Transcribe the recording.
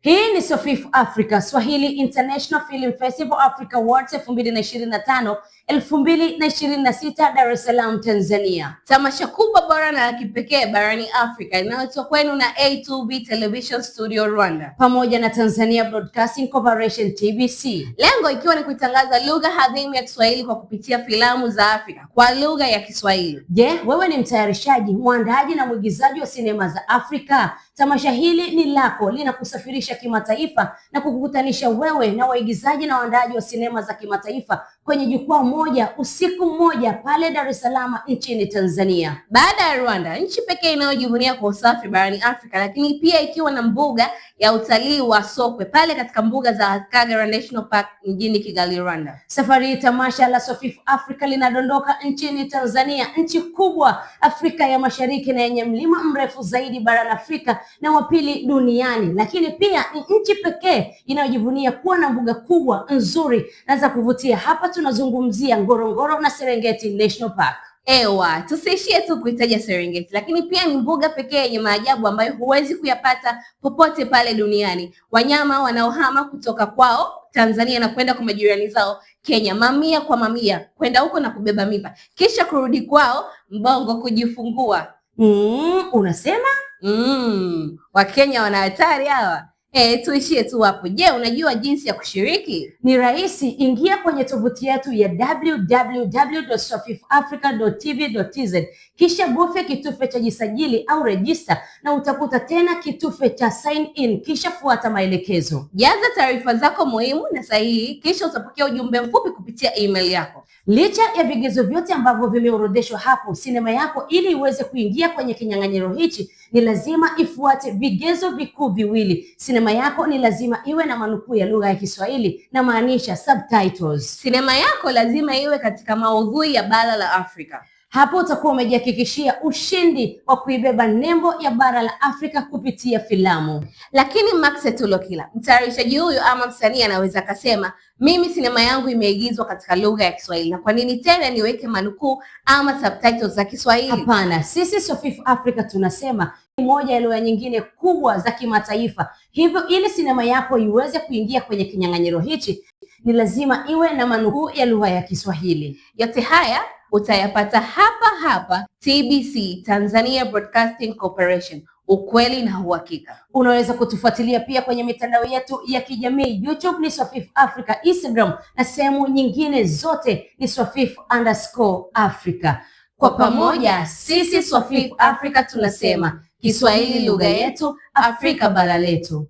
Hii ni Sofifu Africa Swahili International Film Festival Africa Awards 2025 2026, Dar es Salaam, Tanzania. Tamasha kubwa bora na la kipekee barani Afrika inayotoa kwenu na A2B Television Studio Rwanda pamoja na Tanzania Broadcasting Corporation TBC, lengo ikiwa ni kuitangaza lugha hadhimu ya Kiswahili kwa kupitia filamu za Afrika kwa lugha ya Kiswahili. Je, wewe ni mtayarishaji, mwandaaji na mwigizaji wa sinema za Afrika? Tamasha hili ni lako, linakusafirisha kimataifa na kukukutanisha wewe na waigizaji na waandaaji wa sinema za kimataifa kwenye jukwaa moja usiku mmoja pale Dar es Salaam nchini Tanzania. Baada ya Rwanda, nchi pekee inayojivunia kwa usafi barani Afrika, lakini pia ikiwa na mbuga ya utalii wa Sokwe pale katika mbuga za Kagera National Park mjini Kigali, Rwanda. Safari hii tamasha la Sofifu Africa linadondoka nchini Tanzania, nchi kubwa Afrika ya Mashariki na yenye mlima mrefu zaidi barani Afrika na wa pili duniani, lakini pia ni nchi pekee inayojivunia kuwa na mbuga kubwa nzuri na za kuvutia. Hapa tunazungumzia Ngorongoro na Serengeti National Park. Ewa, tusiishie tu kuitaja Serengeti, lakini pia ni mbuga pekee yenye maajabu ambayo huwezi kuyapata popote pale duniani. Wanyama wanaohama kutoka kwao Tanzania na kwenda kwa majirani zao Kenya, mamia kwa mamia kwenda huko na kubeba mimba, kisha kurudi kwao Mbongo kujifungua. Mm, unasema mm, Wakenya wana hatari hawa. E, tuishie tu hapo. Je, unajua jinsi ya kushiriki? Ni rahisi, ingia kwenye tovuti yetu ya www.safeeafrica.tv.tz kisha bofya kitufe cha jisajili au rejista, na utakuta tena kitufe cha sign in, kisha fuata maelekezo. Jaza taarifa zako muhimu na sahihi, kisha utapokea ujumbe mfupi kupitia email yako. Licha ya vigezo vyote ambavyo vimeorodheshwa hapo, sinema yako ili iweze kuingia kwenye kinyang'anyiro hichi ni lazima ifuate vigezo vikuu viwili. Sinema yako ni lazima iwe na manukuu ya lugha ya Kiswahili na maanisha subtitles. Sinema yako lazima iwe katika maudhui ya bara la Afrika. Hapo utakuwa umejihakikishia ushindi wa kuibeba nembo ya bara la Afrika kupitia filamu. Lakini Max Tulokila, mtayarishaji huyu ama msanii, anaweza akasema mimi sinema yangu imeigizwa katika lugha ya Kiswahili na kwa nini tena niweke manukuu ama subtitles za Kiswahili? Hapana, sisi Sofifu Africa tunasema moja ya lugha nyingine kubwa za kimataifa, hivyo ili sinema yako iweze kuingia kwenye kinyang'anyiro hichi ni lazima iwe na manukuu ya lugha ya Kiswahili. Yote haya utayapata hapa hapa TBC, Tanzania Broadcasting Corporation. Ukweli na uhakika. Unaweza kutufuatilia pia kwenye mitandao yetu ya kijamii YouTube ni Swafif Africa, Instagram na sehemu nyingine zote ni Swafif underscore Africa. Kwa pamoja sisi Swafif Africa tunasema Kiswahili lugha yetu, Afrika bara letu.